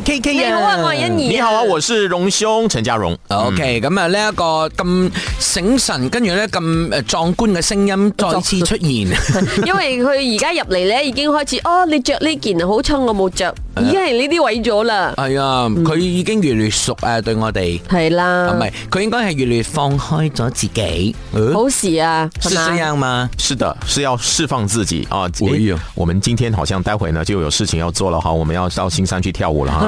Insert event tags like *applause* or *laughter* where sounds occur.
K K 啊！我係欣怡，你好啊，我是榮、啊、兄陳家榮。OK，咁啊呢一個咁醒神，跟住咧咁誒壯觀嘅聲音再次出現， *laughs* 因為佢而家入嚟咧已經開始哦，你着呢件好襯，我冇着，已經係呢啲位咗啦。係、哎、啊，佢已經越嚟越熟啊，對我哋係啦，唔係佢應該係越嚟越放開咗自己，嗯、好事啊，係咪？是這樣嘛？是的，是要釋放自己啊！我、欸、哋，我們今天好像待會呢就有事情要做了，好，我們要到青山去跳舞啦！哈。